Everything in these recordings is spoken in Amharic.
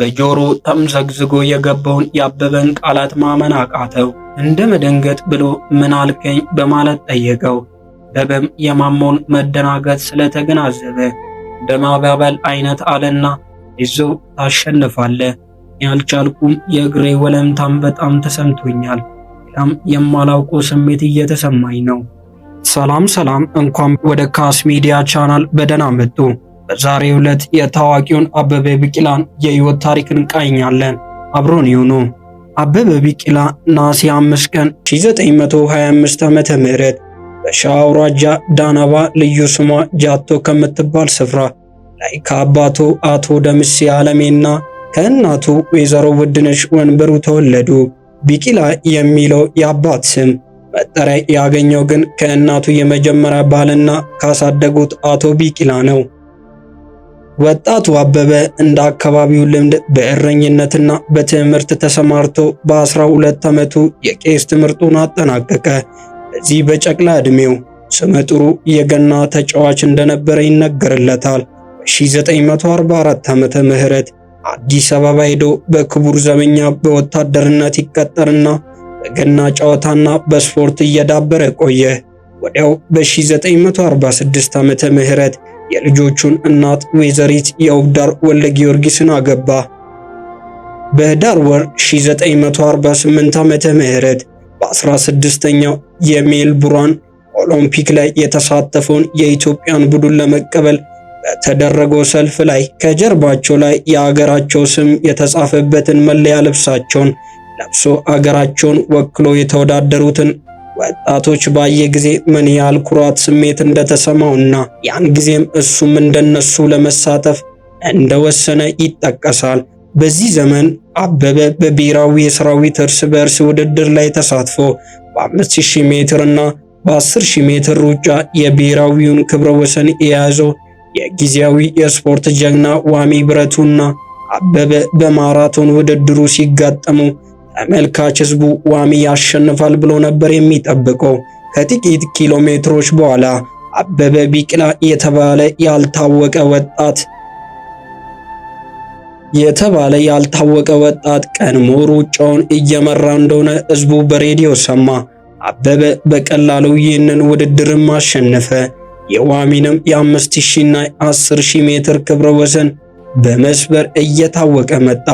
በጆሮ ተምዘግዝጎ የገባውን ያበበን ቃላት ማመን አቃተው። እንደ መደንገጥ ብሎ ምን አልከኝ በማለት ጠየቀው። በበም የማሞን መደናገጥ ስለተገናዘበ በማባበል አይነት አለና ይዞ ታሸንፋለ ያልቻልኩም የእግሬ ወለምታም በጣም ተሰምቶኛል። ያም የማላውቀው ስሜት እየተሰማኝ ነው። ሰላም ሰላም፣ እንኳን ወደ ካስ ሚዲያ ቻናል በደህና መጡ። በዛሬው ዕለት የታዋቂውን አበበ ቢቂላን የህይወት ታሪክ እንቃኛለን። አብሮን ይሁኑ። አበበ ቢቂላ ነሐሴ 5 ቀን 1925 ዓመተ ምህረት በሸዋ አውራጃ ዳናባ ልዩ ስሟ ጃቶ ከምትባል ስፍራ ላይ ከአባቱ አቶ ደምሴ አለሜና ከእናቱ ወይዘሮ ውድነሽ ወንበሩ ተወለዱ። ቢቂላ የሚለው የአባት ስም መጠሪያ ያገኘው ግን ከእናቱ የመጀመሪያ ባልና ካሳደጉት አቶ ቢቂላ ነው። ወጣቱ አበበ እንደ አካባቢው ልምድ በእረኝነትና በትምህርት ተሰማርቶ በ12 ዓመቱ የቄስ ትምህርቱን አጠናቀቀ። በዚህ በጨቅላ ዕድሜው ስመጥሩ የገና ተጫዋች እንደነበረ ይነገርለታል። በ1944 ዓመተ ምህረት አዲስ አበባ ሄዶ በክቡር ዘበኛ በወታደርነት ይቀጠርና በገና ጨዋታና በስፖርት እየዳበረ ቆየ። ወዲያው በ1946 ዓ ምህረት የልጆቹን እናት ወይዘሪት የውብዳር ወልደ ጊዮርጊስን አገባ። በህዳር ወር 1948 ዓመተ ምህረት በ16ኛው የሜልቡራን ኦሎምፒክ ላይ የተሳተፈውን የኢትዮጵያን ቡድን ለመቀበል በተደረገው ሰልፍ ላይ ከጀርባቸው ላይ የአገራቸው ስም የተጻፈበትን መለያ ልብሳቸውን ለብሶ አገራቸውን ወክሎ የተወዳደሩትን ወጣቶች ባየ ጊዜ ምን ያህል ኩራት ስሜት እንደተሰማውና ያን ጊዜም እሱም እንደነሱ ለመሳተፍ እንደወሰነ ይጠቀሳል። በዚህ ዘመን አበበ በብሔራዊ የሰራዊት እርስ በእርስ ውድድር ላይ ተሳትፎ በ5000 ሜትር እና በ10000 ሜትር ሩጫ የብሔራዊውን ክብረ ወሰን የያዘው የጊዜያዊ የስፖርት ጀግና ዋሚ ብረቱና አበበ በማራቶን ውድድሩ ሲጋጠሙ ተመልካች ህዝቡ ዋሚ ያሸንፋል ብሎ ነበር የሚጠብቀው። ከጥቂት ኪሎ ሜትሮች በኋላ አበበ ቢቅላ የተባለ ያልታወቀ ወጣት የተባለ ያልታወቀ ወጣት ቀድሞ ሩጫውን እየመራ እንደሆነ ህዝቡ በሬዲዮ ሰማ። አበበ በቀላሉ ይህንን ውድድርም አሸነፈ። የዋሚንም የ5000 እና 10000 ሜትር ክብረ ወሰን በመስበር እየታወቀ መጣ።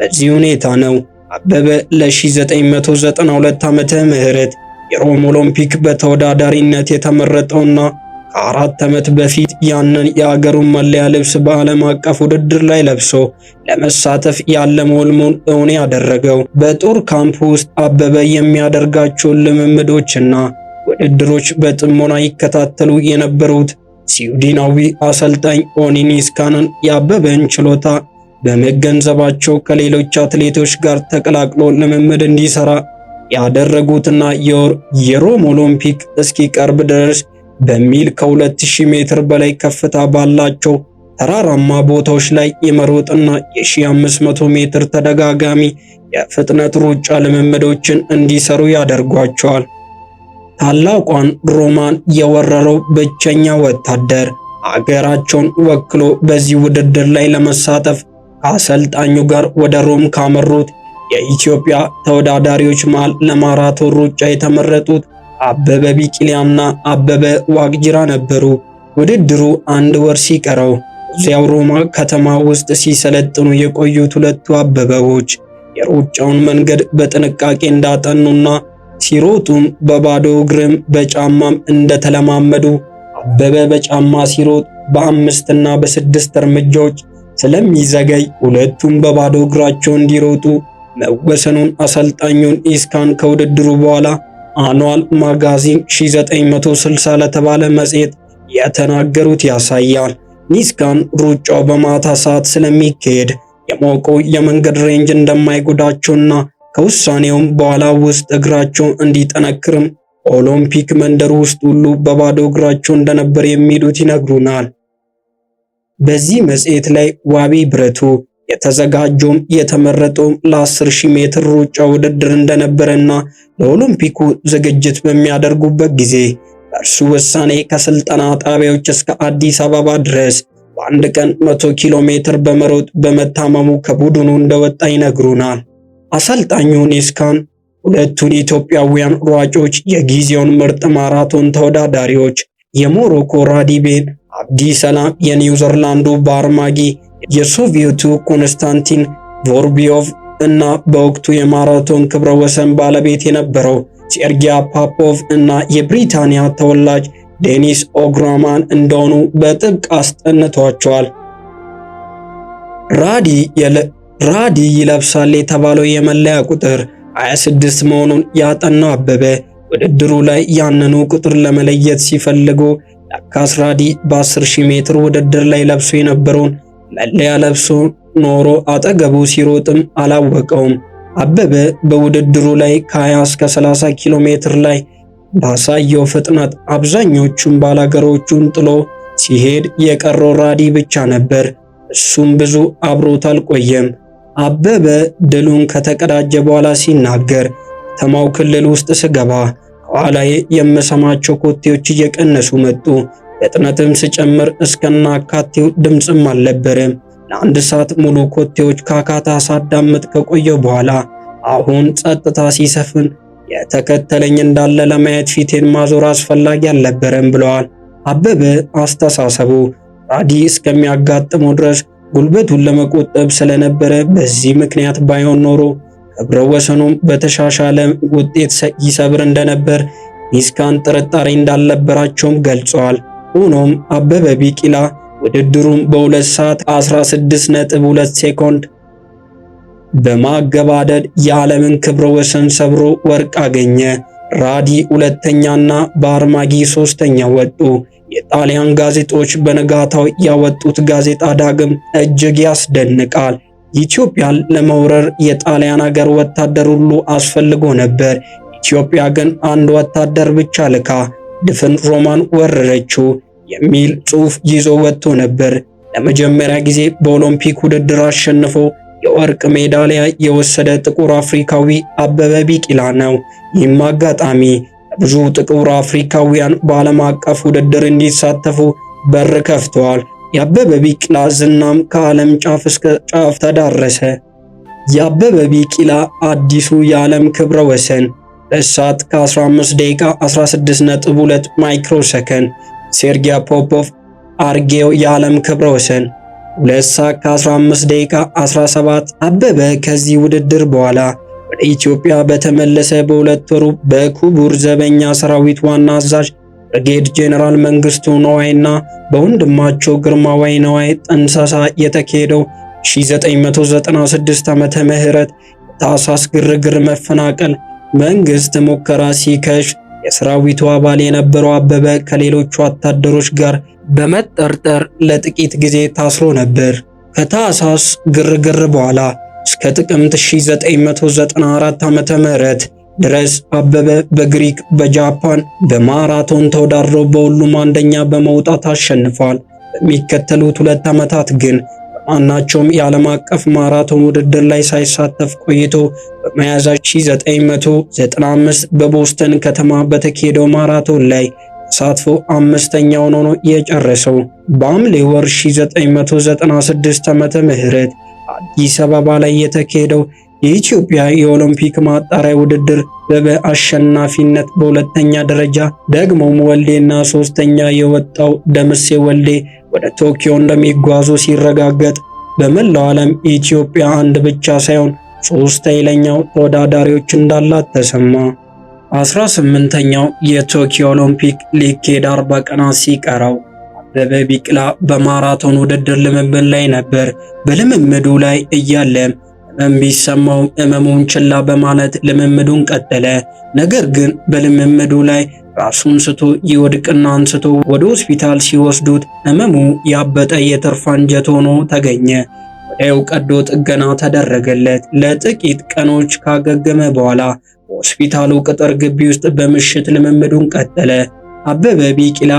በዚህ ሁኔታ ነው አበበ ለ1992 ዓመተ ምህረት የሮም ኦሎምፒክ በተወዳዳሪነት የተመረጠውና ከአራት ዓመት በፊት ያንን የአገሩን መለያ ልብስ በዓለም አቀፍ ውድድር ላይ ለብሶ ለመሳተፍ ያለመ ሕልሙን እውን ያደረገው በጦር ካምፕ ውስጥ አበበ የሚያደርጋቸውን ልምምዶችና ውድድሮች በጥሞና ይከታተሉ የነበሩት ስዊድናዊ አሰልጣኝ ኦኒ ኒስካንን የአበበን ችሎታ በመገንዘባቸው ከሌሎች አትሌቶች ጋር ተቀላቅሎ ልምምድ እንዲሰራ ያደረጉትና የሮም ኦሎምፒክ እስኪቀርብ ድረስ በሚል ከ2000 ሜትር በላይ ከፍታ ባላቸው ተራራማ ቦታዎች ላይ የመሮጥና የ1500 ሜትር ተደጋጋሚ የፍጥነት ሩጫ ልምምዶችን እንዲሰሩ ያደርጓቸዋል። ታላቋን ሮማን የወረረው ብቸኛ ወታደር አገራቸውን ወክሎ በዚህ ውድድር ላይ ለመሳተፍ ከአሰልጣኙ ጋር ወደ ሮም ካመሩት የኢትዮጵያ ተወዳዳሪዎች መሃል ለማራቶን ሩጫ የተመረጡት አበበ ቢቂሊያና አበበ ዋቅጅራ ነበሩ። ውድድሩ አንድ ወር ሲቀረው እዚያው ሮማ ከተማ ውስጥ ሲሰለጥኑ የቆዩት ሁለቱ አበበዎች የሩጫውን መንገድ በጥንቃቄ እንዳጠኑና ሲሮጡም በባዶ እግርም በጫማም እንደተለማመዱ አበበ በጫማ ሲሮጥ በአምስትና በስድስት እርምጃዎች ስለሚዘገይ ሁለቱም በባዶ እግራቸው እንዲሮጡ መወሰኑን አሰልጣኙን ኢስካን ከውድድሩ በኋላ አኗል ማጋዚን 1960 ለተባለ መጽሔት የተናገሩት ያሳያል። ኒስካን ሩጫው በማታ ሰዓት ስለሚካሄድ የሞቀው የመንገድ ሬንጅ እንደማይጎዳቸውና ከውሳኔውም በኋላ ውስጥ እግራቸው እንዲጠነክርም ኦሎምፒክ መንደር ውስጥ ሁሉ በባዶ እግራቸው እንደነበር የሚሉት ይነግሩናል። በዚህ መጽሔት ላይ ዋቢ ብረቱ የተዘጋጀውም የተመረጠውም ለ10 ሜትር ሩጫ ውድድር እንደነበረና ለኦሎምፒኩ ዝግጅት በሚያደርጉበት ጊዜ በእርሱ ውሳኔ ከስልጠና ጣቢያዎች እስከ አዲስ አበባ ድረስ በአንድ ቀን 100 ኪሎ ሜትር በመሮጥ በመታመሙ ከቡድኑ እንደወጣ ይነግሩናል። አሰልጣኙ ኔስካን ሁለቱን ኢትዮጵያውያን ሯጮች የጊዜውን ምርጥ ማራቶን ተወዳዳሪዎች የሞሮኮ ራዲቤን ሰላም የኒውዘርላንዱ ባርማጊ፣ የሶቪየቱ ኮንስታንቲን ቮርቢዮቭ እና በወቅቱ የማራቶን ክብረ ወሰን ባለቤት የነበረው ሴርጊያ ፓፖቭ እና የብሪታንያ ተወላጅ ዴኒስ ኦግራማን እንደሆኑ በጥብቅ አስጠንቷቸዋል። ራዲ ይለብሳል የተባለው የመለያ ቁጥር 26 መሆኑን ያጠናው አበበ ውድድሩ ላይ ያንኑ ቁጥር ለመለየት ሲፈልጉ ካስራዲ በ 10000 ሺህ ሜትር ውድድር ላይ ለብሶ የነበረውን መለያ ለብሶ ኖሮ አጠገቡ ሲሮጥም አላወቀውም። አበበ በውድድሩ ላይ ከ20 እስከ 30 ኪሎ ሜትር ላይ ባሳየው ፍጥነት አብዛኞቹን ባላገሮቹን ጥሎ ሲሄድ የቀረው ራዲ ብቻ ነበር። እሱም ብዙ አብሮት አልቆየም። አበበ ድሉን ከተቀዳጀ በኋላ ሲናገር ከተማው ክልል ውስጥ ስገባ ከኋላዬ የምሰማቸው ኮቴዎች እየቀነሱ መጡ። ፍጥነትም ስጨምር እስከና አካቴው ድምፅም አልነበረም። ለአንድ ሰዓት ሙሉ ኮቴዎች ካካታ ሳዳምጥ ከቆየው በኋላ አሁን ጸጥታ ሲሰፍን የተከተለኝ እንዳለ ለማየት ፊቴን ማዞር አስፈላጊ አልነበረም ብለዋል አበበ። አስተሳሰቡ ራዲ እስከሚያጋጥመው ድረስ ጉልበቱን ለመቆጠብ ስለነበረ በዚህ ምክንያት ባይሆን ኖሮ ህብረ ወሰኑም በተሻሻለ ውጤት ይሰብር እንደነበር ሚስካን ጥርጣሬ እንዳልነበራቸውም ገልጸዋል። ሆኖም አበበ ቢቂላ ውድድሩም በ2 ሰዓት 16.2 ሴኮንድ በማገባደድ የዓለምን ክብረ ወሰን ሰብሮ ወርቅ አገኘ። ራዲ ሁለተኛና በአርማጊ ሶስተኛ ወጡ። የጣሊያን ጋዜጦች በነጋታው ያወጡት ጋዜጣ ዳግም እጅግ ያስደንቃል። ኢትዮጵያን ለመውረር የጣሊያን ሀገር ወታደር ሁሉ አስፈልጎ ነበር። ኢትዮጵያ ግን አንድ ወታደር ብቻ ልካ ድፍን ሮማን ወረረችው የሚል ጽሑፍ ይዞ ወጥቶ ነበር። ለመጀመሪያ ጊዜ በኦሎምፒክ ውድድር አሸንፎ የወርቅ ሜዳሊያ የወሰደ ጥቁር አፍሪካዊ አበበ ቢቂላ ነው። ይህም አጋጣሚ ብዙ ጥቁር አፍሪካውያን በዓለም አቀፍ ውድድር እንዲሳተፉ በር ከፍተዋል። የአበበ ቢቂላ ዝናም ከዓለም ጫፍ እስከ ጫፍ ተዳረሰ። የአበበ ቢቂላ አዲሱ የዓለም ክብረ ወሰን በሰዓት ከ15 ደቂቃ 16.2 ማይክሮ ሰከንድ። ሴርጊያ ፖፖቭ አርጌው የዓለም ክብረ ወሰን 2 ሰዓት ከ15 ደቂቃ 17። አበበ ከዚህ ውድድር በኋላ ወደ ኢትዮጵያ በተመለሰ በሁለት ወሩ በክቡር ዘበኛ ሰራዊት ዋና አዛዥ ብርጌድ ጄኔራል መንግስቱ ነዋይና በወንድማቸው ግርማ ዋይ ነዋይ ጠንሳሳ የተካሄደው 1996 ዓመተ ምህረት ታሳስ ግርግር መፈናቀል መንግስት ሙከራ ሲከሽ የሰራዊቱ አባል የነበረው አበበ ከሌሎች ወታደሮች ጋር በመጠርጠር ለጥቂት ጊዜ ታስሮ ነበር። ከታሳስ ግርግር በኋላ እስከ ጥቅምት 1994 ዓመተ ምህረት ድረስ አበበ በግሪክ፣ በጃፓን በማራቶን ተወዳድሮ በሁሉም አንደኛ በመውጣት አሸንፏል። በሚከተሉት ሁለት ዓመታት ግን ማናቸውም የዓለም አቀፍ ማራቶን ውድድር ላይ ሳይሳተፍ ቆይቶ በሚያዝያ 1995 በቦስተን ከተማ በተካሄደው ማራቶን ላይ ተሳትፎ አምስተኛውን ሆኖ የጨረሰው በሐምሌ ወር 1996 ዓመተ ምህረት አዲስ አበባ ላይ የተካሄደው የኢትዮጵያ የኦሎምፒክ ማጣሪያ ውድድር በአሸናፊነት በሁለተኛ ደረጃ ደግሞም ወልዴና ሶስተኛ የወጣው ደምሴ ወልዴ ወደ ቶኪዮ እንደሚጓዙ ሲረጋገጥ በመላው ዓለም ኢትዮጵያ አንድ ብቻ ሳይሆን ሶስት ኃይለኛው ተወዳዳሪዎች እንዳላት ተሰማ። 18ኛው የቶኪዮ ኦሎምፒክ ሊኬድ 40 ቀናት ሲቀረው አበበ ቢቅላ በማራቶን ውድድር ልምምድ ላይ ነበር። በልምምዱ ላይ እያለም እምቢሰማውም እመሙን ችላ በማለት ልምምዱን ቀጠለ። ነገር ግን በልምምዱ ላይ ራሱን ስቶ ይወድቅና አንስቶ ወደ ሆስፒታል ሲወስዱት እመሙ ያበጠ የትርፍ አንጀት ሆኖ ተገኘ። ወዲያው ቀዶ ጥገና ተደረገለት። ለጥቂት ቀኖች ካገገመ በኋላ በሆስፒታሉ ቅጥር ግቢ ውስጥ በምሽት ልምምዱን ቀጠለ። አበበ ቢቂላ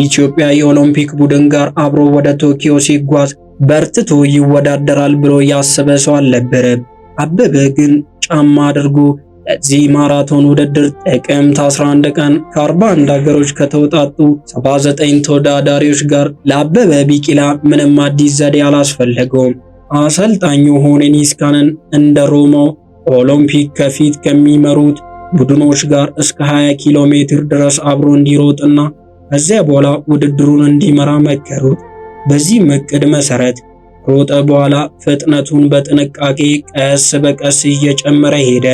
የኢትዮጵያ የኦሎምፒክ ቡድን ጋር አብሮ ወደ ቶኪዮ ሲጓዝ በርትቶ ይወዳደራል ብሎ ያሰበ ሰው አልነበረም። አበበ ግን ጫማ አድርጎ ለዚህ ማራቶን ውድድር ጥቅምት 11 ቀን ከ41 ሀገሮች ከተውጣጡ 79 ተወዳዳሪዎች ጋር ለአበበ ቢቂላ ምንም አዲስ ዘዴ አላስፈለገውም። አሰልጣኙ ሆኔን ኢስካንን እንደ ሮማው ኦሎምፒክ ከፊት ከሚመሩት ቡድኖች ጋር እስከ 20 ኪሎ ሜትር ድረስ አብሮ እንዲሮጥና ከዚያ በኋላ ውድድሩን እንዲመራ መከሩት። በዚህም እቅድ መሰረት ሮጠ በኋላ ፍጥነቱን በጥንቃቄ ቀስ በቀስ እየጨመረ ሄደ።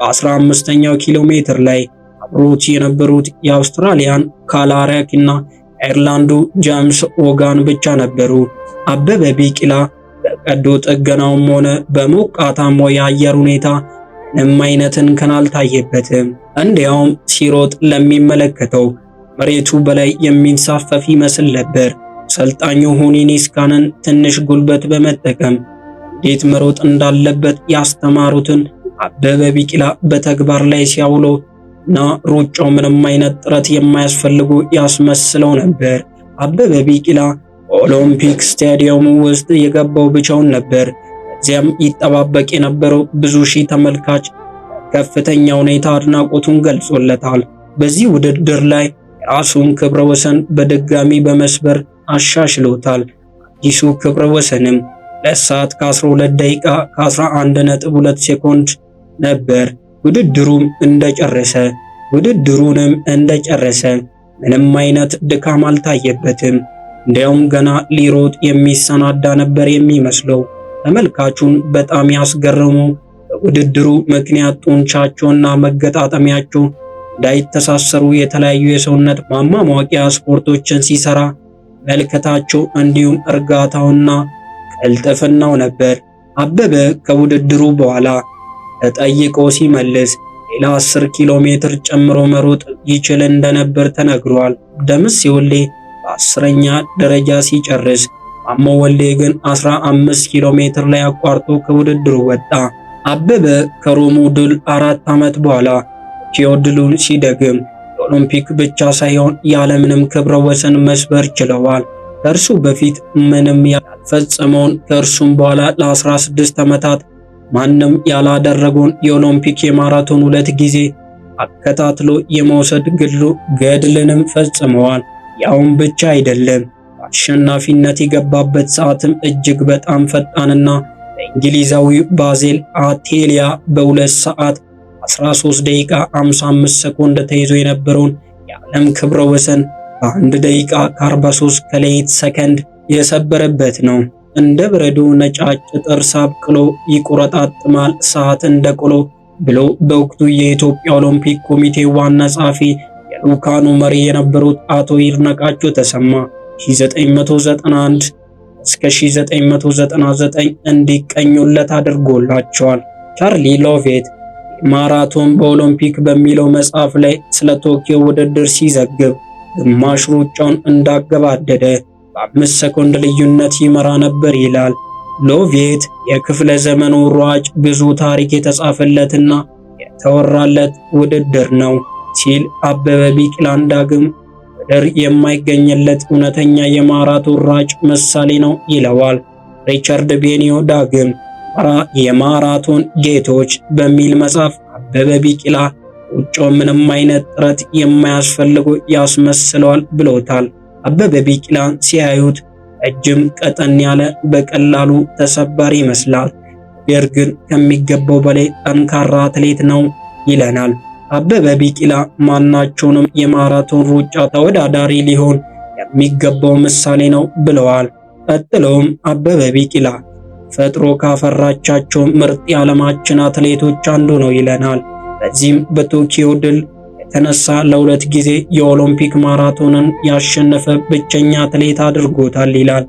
በ15ኛው ኪሎ ሜትር ላይ አብሮት የነበሩት የአውስትራሊያን ካላሪያክ እና አይርላንዱ ጃምስ ኦጋን ብቻ ነበሩ። አበበ ቢቂላ በቀዶ ጥገናውም ሆነ በሞቃታሞ የአየር ሁኔታ ምንም አይነት እንከን አልታየበትም። እንዲያውም ሲሮጥ ለሚመለከተው መሬቱ በላይ የሚንሳፈፍ ይመስል ነበር። አሰልጣኙ ሁኒኒ ስካንን ትንሽ ጉልበት በመጠቀም እንዴት መሮጥ እንዳለበት ያስተማሩትን አበበ ቢቂላ በተግባር ላይ ሲያውለው እና ሩጫው ምንም አይነት ጥረት የማያስፈልጉ ያስመስለው ነበር። አበበ ቢቂላ ኦሎምፒክ ስታዲየም ውስጥ የገባው ብቻውን ነበር። እዚያም ይጠባበቅ የነበረው ብዙ ሺህ ተመልካች ከፍተኛ ሁኔታ አድናቆቱን ገልጾለታል። በዚህ ውድድር ላይ የራሱን ክብረ ወሰን በድጋሚ በመስበር አሻሽለውታል። አዲሱ ክብረ ወሰንም ለሰዓት ከ12 ደቂቃ ከ11.2 ሴኮንድ ነበር። ውድድሩም እንደጨረሰ ውድድሩንም እንደጨረሰ ምንም አይነት ድካም አልታየበትም። እንዲያውም ገና ሊሮጥ የሚሰናዳ ነበር የሚመስለው። ተመልካቹን በጣም ያስገረሙ በውድድሩ ምክንያት ጡንቻቸውና መገጣጠሚያቸው እንዳይተሳሰሩ የተለያዩ የሰውነት ማማሟቂያ ስፖርቶችን ሲሰራ መልከታቸው እንዲሁም እርጋታውና ቅልጥፍናው ነበር። አበበ ከውድድሩ በኋላ ተጠይቆ ሲመልስ ሌላ 10 ኪሎ ሜትር ጨምሮ መሮጥ ይችል እንደነበር ተነግሯል። ደምስ ሲወሌ በአስረኛ ደረጃ ሲጨርስ ማሞ ወሌ ግን 15 ኪሎ ሜትር ላይ አቋርጦ ከውድድሩ ወጣ። አበበ ከሮሙ ድል አራት ዓመት በኋላ ኪዮ ሲደግም ኦሎምፒክ ብቻ ሳይሆን ያለምንም ክብረ ወሰን መስበር ችለዋል። ከእርሱ በፊት ምንም ያልፈጸመውን ከእርሱም በኋላ ለ16 ዓመታት ማንም ያላደረገውን የኦሎምፒክ የማራቶን ሁለት ጊዜ አከታትሎ የመውሰድ ግሉ ገድልንም ፈጽመዋል። ያውም ብቻ አይደለም፣ አሸናፊነት የገባበት ሰዓትም እጅግ በጣም ፈጣንና በእንግሊዛዊው ባዜል አቴሊያ በሁለት ሰዓት 13 ደቂቃ 55 ሰኮንድ ተይዞ የነበረውን የዓለም ክብረ ወሰን በአንድ ደቂቃ ከ43 ከሌሊት ሰከንድ የሰበረበት ነው። እንደ በረዶ ነጫጭ ጥርስ አብቅሎ ይቆረጣጥማል ሰዓት እንደ ቆሎ ብሎ በወቅቱ የኢትዮጵያ ኦሎምፒክ ኮሚቴ ዋና ጸሐፊ የልዑካኑ መሪ የነበሩት አቶ ይድነቃቸው ተሰማ 1991 እስከ 1999 እንዲቀኙለት አድርጎላቸዋል። ቻርሊ ሎቬት ማራቶን በኦሎምፒክ በሚለው መጽሐፍ ላይ ስለ ቶኪዮ ውድድር ሲዘግብ ግማሽ ሩጫውን እንዳገባደደ በአምስት ሰኮንድ ልዩነት ይመራ ነበር ይላል። ሎቬት የክፍለ ዘመኑ ሯጭ ብዙ ታሪክ የተጻፈለትና የተወራለት ውድድር ነው ሲል አበበ ቢቂላን ዳግም ውድድር የማይገኝለት እውነተኛ የማራቶን ሯጭ ምሳሌ ነው ይለዋል። ሪቻርድ ቤኒዮ ዳግም የማራቶን ጌቶች በሚል መጽሐፍ አበበ ቢቂላ ቁጮ ምንም አይነት ጥረት የማያስፈልጉ ያስመስለዋል ብለውታል። አበበ ቢቂላ ሲያዩት እጅም ቀጠን ያለ በቀላሉ ተሰባሪ ይመስላል። ነገር ግን ከሚገባው በላይ ጠንካራ አትሌት ነው ይለናል። አበበ ቢቂላ ማናቸውንም የማራቶን ሩጫ ተወዳዳሪ ሊሆን የሚገባው ምሳሌ ነው ብለዋል። ቀጥሎም አበበ ቢቂላ ፈጥሮ ካፈራቻቸው ምርጥ የዓለማችን አትሌቶች አንዱ ነው ይለናል። በዚህም በቶኪዮ ድል የተነሳ ለሁለት ጊዜ የኦሎምፒክ ማራቶንን ያሸነፈ ብቸኛ አትሌት አድርጎታል ይላል።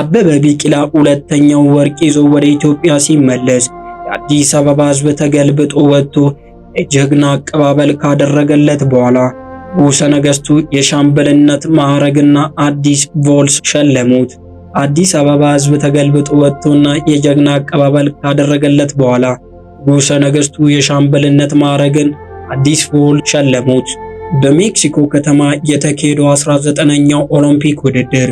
አበበ ቢቂላ ሁለተኛው ወርቅ ይዞ ወደ ኢትዮጵያ ሲመለስ የአዲስ አበባ ሕዝብ ተገልብጦ ወጥቶ የጀግና አቀባበል ካደረገለት በኋላ ንጉሠ ነገሥቱ የሻምበልነት ማዕረግና አዲስ ቮልስ ሸለሙት። አዲስ አበባ ህዝብ ተገልብጦ ወጥቶና የጀግና አቀባበል ካደረገለት በኋላ ንጉሠ ነገሥቱ የሻምበልነት ማዕረግን አዲስ ፉል ሸለሙት። በሜክሲኮ ከተማ የተካሄደው 19ኛው ኦሎምፒክ ውድድር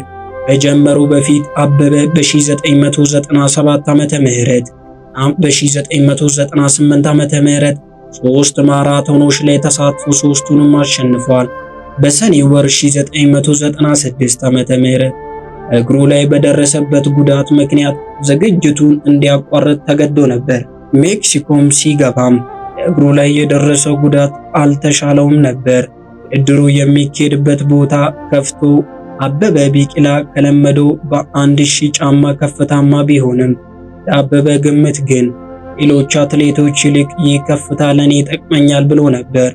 ከጀመሩ በፊት አበበ በ1997 ዓመተ ምህረት በ1998 ዓመተ ምህረት ሶስት ማራቶኖች ላይ ተሳትፎ ሶስቱንም አሸንፏል። በሰኔ ወር 1996 ዓመተ ምህረት እግሩ ላይ በደረሰበት ጉዳት ምክንያት ዝግጅቱን እንዲያቋርጥ ተገዶ ነበር። ሜክሲኮም ሲገባም እግሩ ላይ የደረሰው ጉዳት አልተሻለውም ነበር። ውድድሩ የሚካሄድበት ቦታ ከፍቶ አበበ ቢቂላ ከለመዶ በአንድ ሺህ ጫማ ከፍታማ ቢሆንም የአበበ ግምት ግን ሌሎች አትሌቶች ይልቅ ይህ ከፍታ ለእኔ ይጠቅመኛል ብሎ ነበር።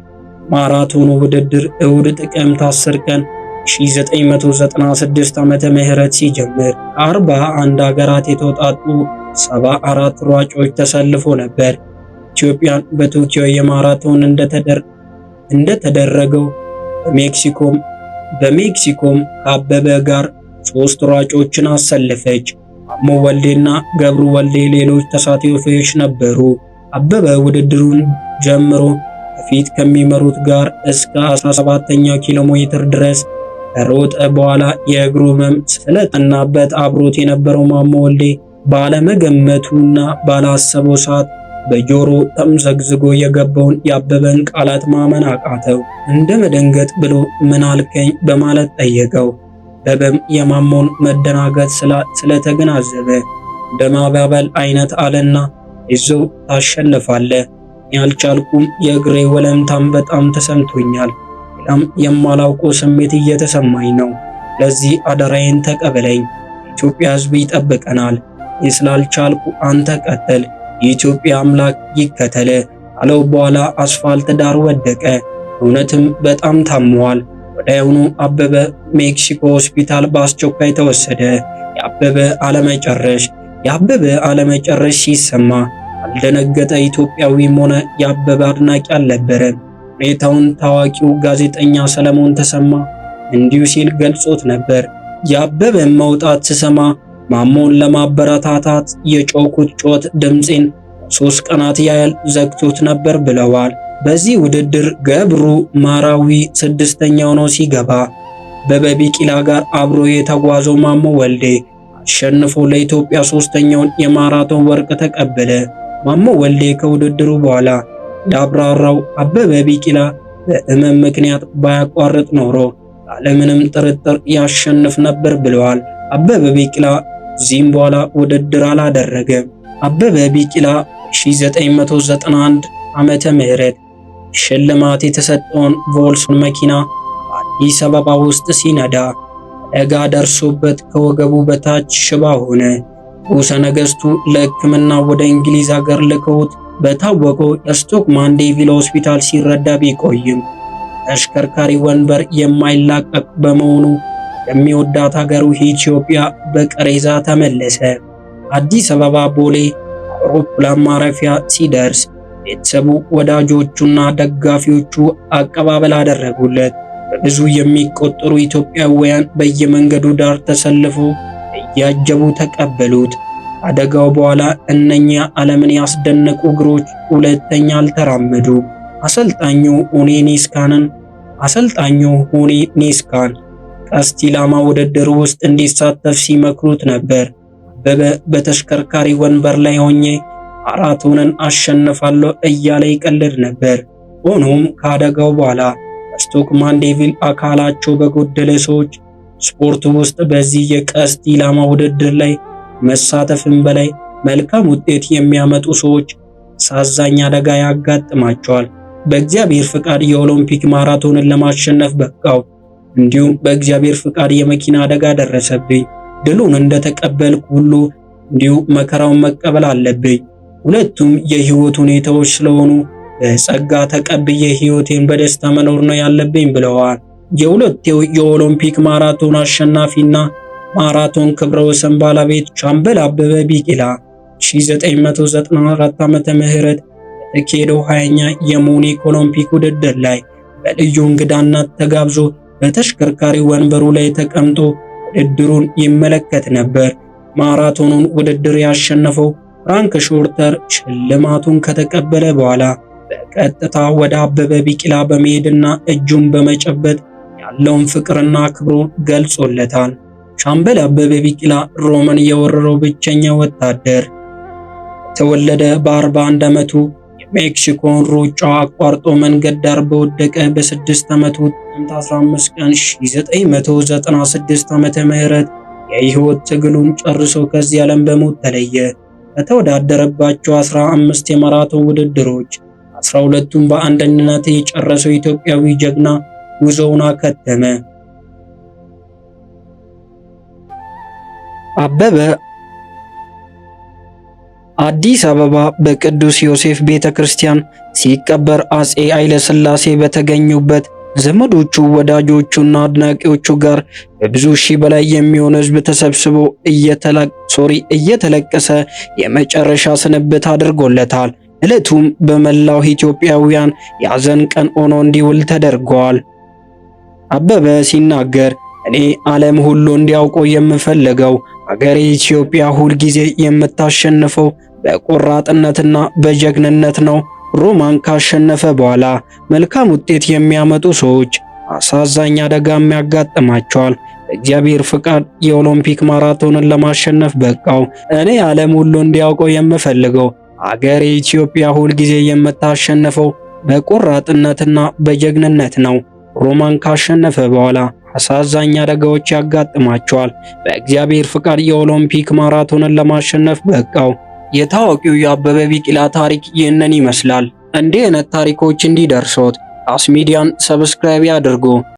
ማራቶኑ ውድድር እሁድ ጥቅምት 10 ቀን 1996 ዓመተ ምህረት ሲጀምር አርባ አንድ ሀገራት የተውጣጡ 74 ሯጮች ተሰልፎ ነበር። ኢትዮጵያን በቶኪዮ የማራቶን እንደተደረገው በሜክሲኮም በሜክሲኮም ከአበበ ጋር ሶስት ሯጮችን አሰለፈች። አሞ ወልዴና ገብሩ ወልዴ ሌሎች ተሳታፊዎች ነበሩ። አበበ ውድድሩን ጀምሮ ከፊት ከሚመሩት ጋር እስከ 17ኛው ኪሎ ሜትር ድረስ ከሮጠ በኋላ የእግሩ ህመም ስለጠናበት አብሮት የነበረው ማሞ ወልዴ ባለመገመቱና ባላሰበው ሰዓት በጆሮ ተምዘግዝጎ የገባውን የአበበን ቃላት ማመን አቃተው። እንደ መደንገጥ ብሎ ምን አልከኝ በማለት ጠየቀው። በበም የማሞን መደናገጥ ስለተገናዘበ እንደ ማባበል አይነት አለና ይዘው ታሸንፋለ ያልቻልኩም የእግሬ ወለምታም በጣም ተሰምቶኛል የማላውቀው ስሜት እየተሰማኝ ነው። ለዚህ አደራዬን ተቀበለኝ። ኢትዮጵያ ሕዝብ ይጠብቀናል። የስላልቻልኩ አንተ ቀጥል፣ የኢትዮጵያ አምላክ ይከተል አለው። በኋላ አስፋልት ዳር ወደቀ። እውነትም በጣም ታሟል። ወዲያውኑ አበበ ሜክሲኮ ሆስፒታል በአስቸኳይ ተወሰደ። የአበበ አለመጨረሽ የአበበ አለመጨረሽ ሲሰማ አልደነገጠ ኢትዮጵያዊም ሆነ የአበበ አድናቂ አልነበረ። ቅሬታውን ታዋቂው ጋዜጠኛ ሰለሞን ተሰማ እንዲሁ ሲል ገልጾት ነበር። የአበበን መውጣት ስሰማ ማሞን ለማበረታታት የጮኩት ጮት ድምፄን ሶስት ቀናት ያህል ዘግቶት ነበር ብለዋል። በዚህ ውድድር ገብሩ ማራዊ ስድስተኛው ነው ሲገባ በበቢቂላ ጋር አብሮ የተጓዘው ማሞ ወልዴ አሸንፎ ለኢትዮጵያ ሶስተኛውን የማራቶን ወርቅ ተቀበለ። ማሞ ወልዴ ከውድድሩ በኋላ ያብራራው አበበ ቢቂላ በሕመም ምክንያት ባያቋርጥ ኖሮ ያለምንም ጥርጥር ያሸንፍ ነበር ብለዋል። አበበ ቢቂላ ከዚህም በኋላ ውድድር አላደረገም። አበበ ቢቂላ 1991 ዓመተ ምህረት ሽልማት የተሰጠውን ቮልስን መኪና በአዲስ አበባ ውስጥ ሲነዳ አደጋ ደርሶበት ከወገቡ በታች ሽባ ሆነ። ንጉሠ ነገሥቱ ለሕክምና ወደ እንግሊዝ አገር ልከውት በታወቀው ማንዴ ዴቪል ሆስፒታል ሲረዳ ቢቆይም ተሽከርካሪ ወንበር የማይላቀቅ በመሆኑ የሚወዳት ሀገሩ ኢትዮጵያ በቅሬዛ ተመለሰ። አዲስ አበባ ቦሌ አውሮፕላን ማረፊያ ሲደርስ ቤተሰቡ፣ ወዳጆቹና ደጋፊዎቹ አቀባበል አደረጉለት። በብዙ የሚቆጠሩ ኢትዮጵያውያን በየመንገዱ ዳር ተሰልፈው እያጀቡ ተቀበሉት። ከአደጋው በኋላ እነኛ ዓለምን ያስደነቁ እግሮች ሁለተኛ አልተራመዱ። አሰልጣኙ ሆኔ ኒስካንን አሰልጣኙ ሆኔ ኒስካን ቀስት ኢላማ ውድድር ውስጥ እንዲሳተፍ ሲመክሩት ነበር። አበበ በተሽከርካሪ ወንበር ላይ ሆኜ አራቱንን አሸንፋለሁ እያለ ይቀልድ ነበር። ሆኖም ከአደጋው በኋላ ስቶክ ማንዴቪል አካላቸው በጎደለ ሰዎች ስፖርት ውስጥ በዚህ የቀስት ኢላማ ውድድር ላይ መሳተፍም በላይ መልካም ውጤት የሚያመጡ ሰዎች ሳዛኝ አደጋ ያጋጥማቸዋል። በእግዚአብሔር ፍቃድ የኦሎምፒክ ማራቶንን ለማሸነፍ በቃው። እንዲሁም በእግዚአብሔር ፍቃድ የመኪና አደጋ ደረሰብኝ። ድሉን እንደተቀበልኩ ሁሉ እንዲሁ መከራውን መቀበል አለብኝ። ሁለቱም የህይወት ሁኔታዎች ስለሆኑ በጸጋ ተቀብዬ ህይወቴን በደስታ መኖር ነው ያለብኝ ብለዋል። የሁለቴው የኦሎምፒክ ማራቶን አሸናፊና ማራቶን ክብረ ወሰን ባለቤት ሻምበል አበበ ቢቂላ 1994 ዓመተ ምህረት በተካሄደው 20ኛ የሙኒክ ኦሎምፒክ ውድድር ላይ በልዩ እንግዳነት ተጋብዞ በተሽከርካሪ ወንበሩ ላይ ተቀምጦ ውድድሩን ይመለከት ነበር። ማራቶኑን ውድድር ያሸነፈው ፍራንክ ሾርተር ሽልማቱን ከተቀበለ በኋላ በቀጥታ ወደ አበበ ቢቂላ በመሄድና እጁን በመጨበጥ ያለውን ፍቅርና ክብሩን ገልጾለታል። ሻምበል አበበ ቢቂላ ሮምን የወረረው ብቸኛ ወታደር ተወለደ። በ41 ዓመቱ የሜክሲኮን ሩጫ አቋርጦ መንገድ ዳር በወደቀ በ6 ዓመቱ ጥቅምት 15 ቀን 1996 ዓመተ ምህረት የህይወት ትግሉን ጨርሶ ከዚህ ዓለም በሞት ተለየ። በተወዳደረባቸው 15 የማራቶን ውድድሮች 12ቱን በአንደኝነት የጨረሰው ኢትዮጵያዊ ጀግና ጉዞውን አከተመ። አበበ አዲስ አበባ በቅዱስ ዮሴፍ ቤተ ክርስቲያን ሲቀበር አጼ ኃይለ ሥላሴ በተገኙበት ዘመዶቹ፣ ወዳጆቹና አድናቂዎቹ ጋር በብዙ ሺህ በላይ የሚሆን ሕዝብ ተሰብስቦ ሶሪ እየተለቀሰ የመጨረሻ ስንብት አድርጎለታል። ዕለቱም በመላው ኢትዮጵያውያን የአዘን ቀን ሆኖ እንዲውል ተደርጓል። አበበ ሲናገር እኔ ዓለም ሁሉ እንዲያውቆ የምፈልገው ሀገሬ ኢትዮጵያ ሁልጊዜ የምታሸንፈው በቆራጥነትና በጀግንነት ነው። ሮማን ካሸነፈ በኋላ መልካም ውጤት የሚያመጡ ሰዎች አሳዛኝ አደጋም ያጋጥማቸዋል። እግዚአብሔር ፍቃድ የኦሎምፒክ ማራቶንን ለማሸነፍ በቃው። እኔ ዓለም ሁሉ እንዲያውቀው የምፈልገው አገሬ ኢትዮጵያ ሁልጊዜ የምታሸንፈው በቆራጥነትና በጀግንነት ነው። ሮማን ካሸነፈ በኋላ አሳዛኝ አደጋዎች ያጋጥማቸዋል። በእግዚአብሔር ፍቃድ የኦሎምፒክ ማራቶንን ለማሸነፍ በቃው። የታዋቂው የአበበ ቢቂላ ታሪክ ይህንን ይመስላል። እንዲህ አይነት ታሪኮች እንዲደርሶት አስ ሚዲያን ሰብስክራይብ ያድርጉ።